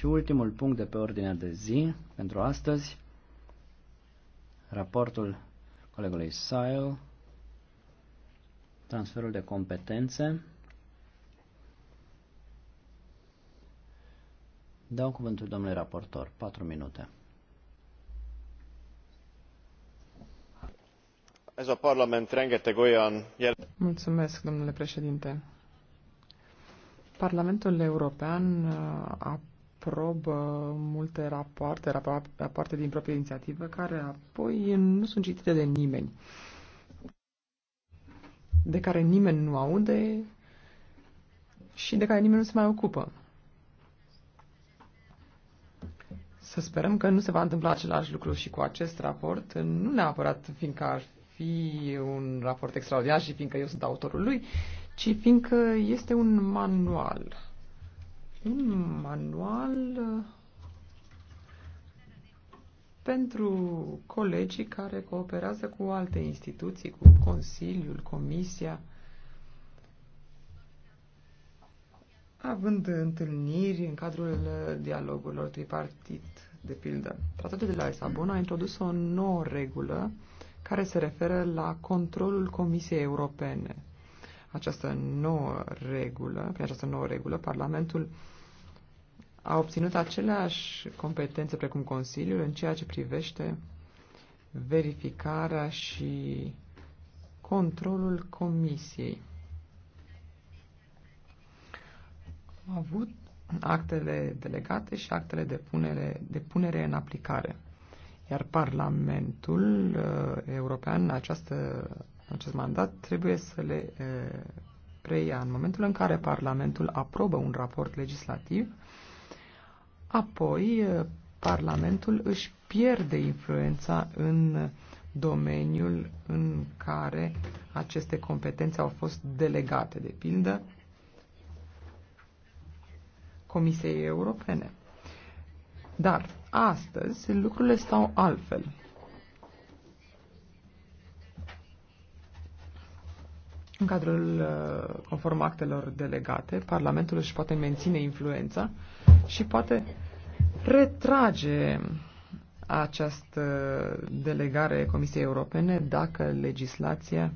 Și ultimul punct de pe ordinea de zi pentru astăzi, raportul colegului Sile, transferul de competențe. Dau cuvântul domnului raportor, 4 minute. Mulțumesc, domnule președinte. Parlamentul European uh, a aprobă multe rapoarte, rapoarte din proprie inițiativă, care apoi nu sunt citite de nimeni, de care nimeni nu aude și de care nimeni nu se mai ocupă. Să sperăm că nu se va întâmpla același lucru și cu acest raport, nu neapărat fiindcă ar fi un raport extraordinar și fiindcă eu sunt autorul lui, ci fiindcă este un manual un manual uh, pentru colegii care cooperează cu alte instituții, cu Consiliul, Comisia, având întâlniri în cadrul uh, dialogurilor tripartit, de pildă. Tratatul de la Lisabon a introdus o nouă regulă care se referă la controlul Comisiei Europene. Această nouă regulă, prin această nouă regulă, Parlamentul a obținut aceleași competențe precum Consiliul în ceea ce privește verificarea și controlul Comisiei. Au avut actele delegate și actele de punere, de punere în aplicare. Iar Parlamentul uh, European, această, acest mandat, trebuie să le uh, preia. În momentul în care Parlamentul aprobă un raport legislativ, uh, Apoi, eh, Parlamentul își pierde influența în domeniul în care aceste competențe au fost delegate, de pildă, Comisiei Europene. Dar astăzi lucrurile stau altfel. În cadrul eh, conform actelor delegate, Parlamentul își poate menține influența și poate retrage această delegare Comisiei Europene dacă legislația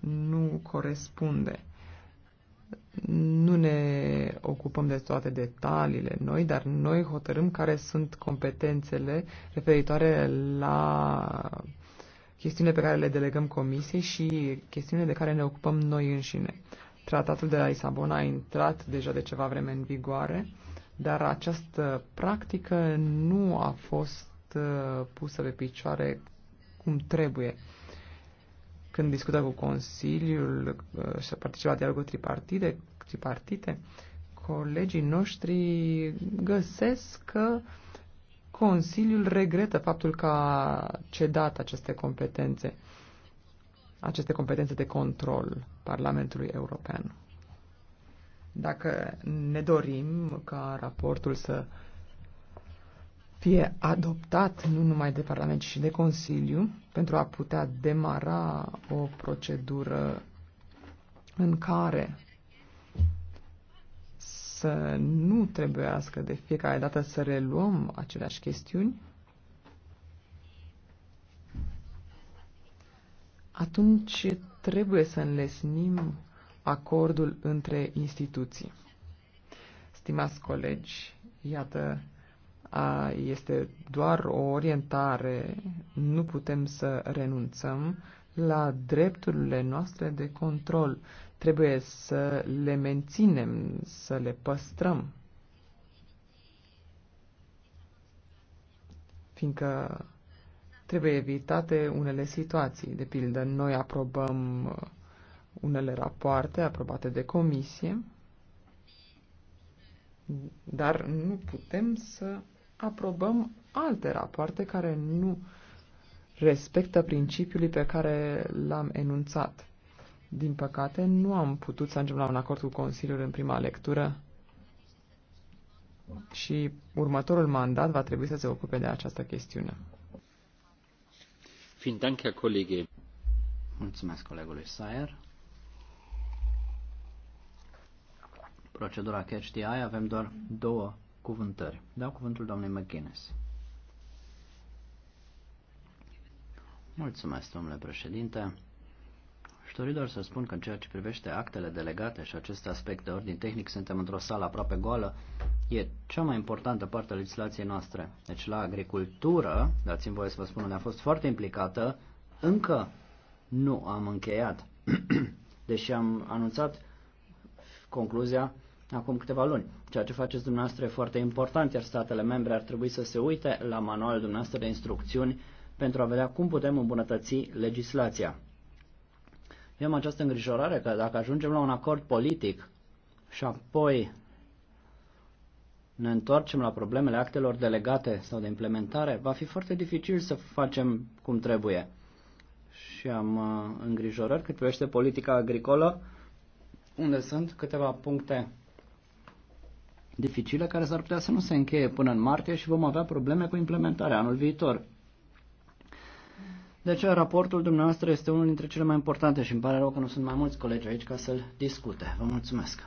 nu corespunde. Nu ne ocupăm de toate detaliile noi, dar noi hotărâm care sunt competențele referitoare la chestiunile pe care le delegăm comisiei și chestiunile de care ne ocupăm noi înșine. Tratatul de la Lisabona a intrat deja de ceva vreme în vigoare, dar această practică nu a fost uh, pusă pe picioare cum trebuie. Când discută cu Consiliul uh, și a participat dialogul tripartite, tripartite, colegii noștri găsesc că Consiliul regretă faptul că a cedat aceste competențe aceste competențe de control Parlamentului European. Dacă ne dorim ca raportul să fie adoptat nu numai de Parlament, ci și de Consiliu, pentru a putea demara o procedură în care să nu trebuiască de fiecare dată să reluăm aceleași chestiuni, atunci trebuie să înlesnim acordul între instituții. Stimați colegi, iată, a, este doar o orientare, nu putem să renunțăm la drepturile noastre de control. Trebuie să le menținem, să le păstrăm. Fiindcă Trebuie evitate unele situații. De pildă, noi aprobăm uh, unele rapoarte aprobate de comisie, dar nu putem să aprobăm alte rapoarte care nu respectă principiul pe care l-am enunțat. Din păcate, nu am putut să ajungem la un acord cu Consiliul în prima lectură și următorul mandat va trebui să se ocupe de această chestiune. Mulțumesc colegului Sayer. Procedura Catch the Eye avem doar două cuvântări. Dau cuvântul domnului McGuinness. Mulțumesc, domnule președinte. Și dori doar să spun că în ceea ce privește actele delegate și acest aspect de ordin tehnic, suntem într-o sală aproape goală, e cea mai importantă parte a legislației noastre. Deci la agricultură, dați-mi voie să vă spun ne-a fost foarte implicată, încă nu am încheiat, deși am anunțat concluzia acum câteva luni. Ceea ce faceți dumneavoastră e foarte important, iar statele membre ar trebui să se uite la manualul dumneavoastră de instrucțiuni pentru a vedea cum putem îmbunătăți legislația. Eu am această îngrijorare că dacă ajungem la un acord politic și apoi ne întoarcem la problemele actelor delegate sau de implementare, va fi foarte dificil să facem cum trebuie. Și am uh, îngrijorări cât privește politica agricolă, unde sunt câteva puncte dificile care s-ar putea să nu se încheie până în martie și vom avea probleme cu implementarea anul viitor. De deci, aceea raportul dumneavoastră este unul dintre cele mai importante și îmi pare rău că nu sunt mai mulți colegi aici ca să-l discute. Vă mulțumesc!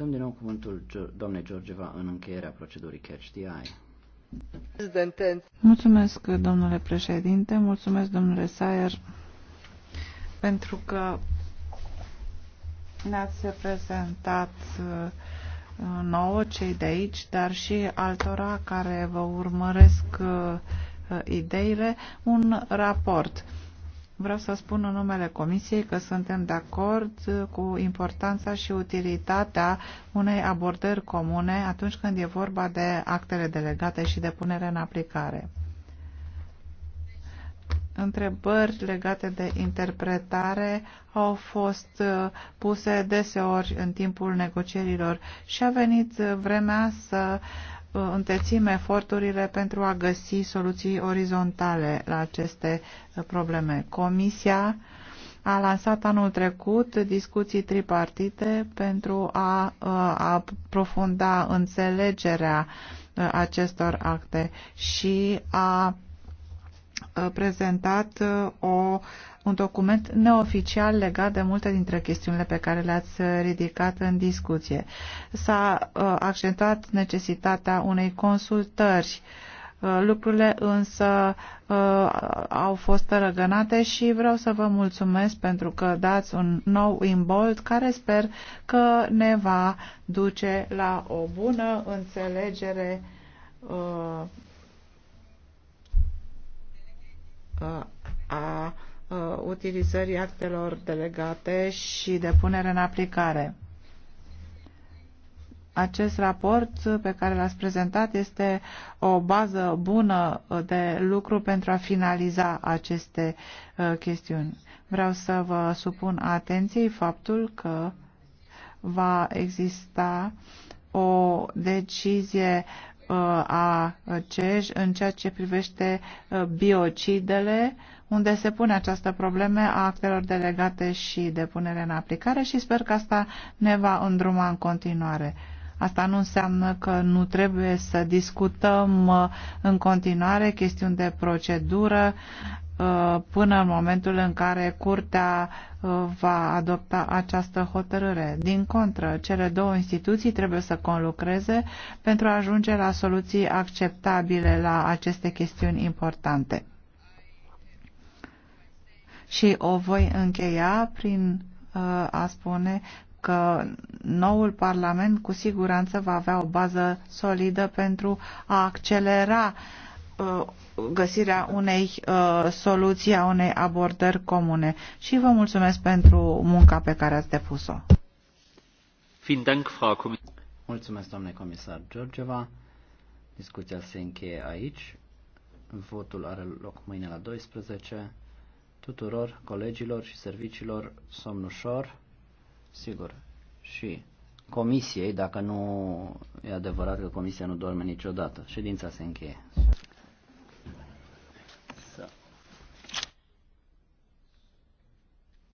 Dăm din nou cuvântul doamnei Georgeva în încheierea procedurii Catch the Eye. Mulțumesc, domnule președinte, mulțumesc, domnule Sayer, pentru că ne-ați prezentat uh, nouă cei de aici, dar și altora care vă urmăresc uh, ideile, un raport Vreau să spun în numele Comisiei că suntem de acord cu importanța și utilitatea unei abordări comune atunci când e vorba de actele delegate și de punere în aplicare. Întrebări legate de interpretare au fost uh, puse deseori în timpul negocierilor și a venit vremea să uh, Uh, întețim eforturile pentru a găsi soluții orizontale la aceste uh, probleme. Comisia a lansat anul trecut discuții tripartite pentru a, uh, aprofunda înțelegerea acestor acte și a prezentat uh, o, un document neoficial legat de multe dintre chestiunile pe care le-ați ridicat în discuție. S-a uh, accentuat necesitatea unei consultări uh, Lucrurile însă au fost răgănate și vreau să vă mulțumesc pentru că dați un nou imbold care sper că ne va duce la o bună înțelegere a utilizării actelor delegate și de punere în aplicare. Acest raport pe care l-ați prezentat este o bază bună de lucru pentru a finaliza aceste chestiuni. Vreau să vă supun atenției faptul că va exista o decizie uh, Uh, a CEJ în ceea ce privește uh, biocidele, unde se pune această probleme a actelor delegate și de punere în aplicare și sper că asta ne va îndruma în continuare. Asta nu înseamnă că nu trebuie să discutăm uh, în continuare chestiuni de procedură, Uh, până în momentul în care Curtea uh, va adopta această hotărâre. Din contră, cele două instituții trebuie să conlucreze pentru a ajunge la soluții acceptabile la aceste chestiuni importante. Și o voi încheia prin uh, a spune că noul Parlament cu siguranță va avea o bază solidă pentru a accelera uh, Uh, găsirea unei uh, soluții, a unei abordări comune. Și vă mulțumesc pentru munca pe care ați depus-o. Mulțumesc, domnule comisar Georgeva. Discuția se încheie aici. Votul are loc mâine la 12. Tuturor colegilor și serviciilor somn ușor, sigur, și comisiei, dacă nu e adevărat că comisia nu dorme niciodată. Ședința se încheie.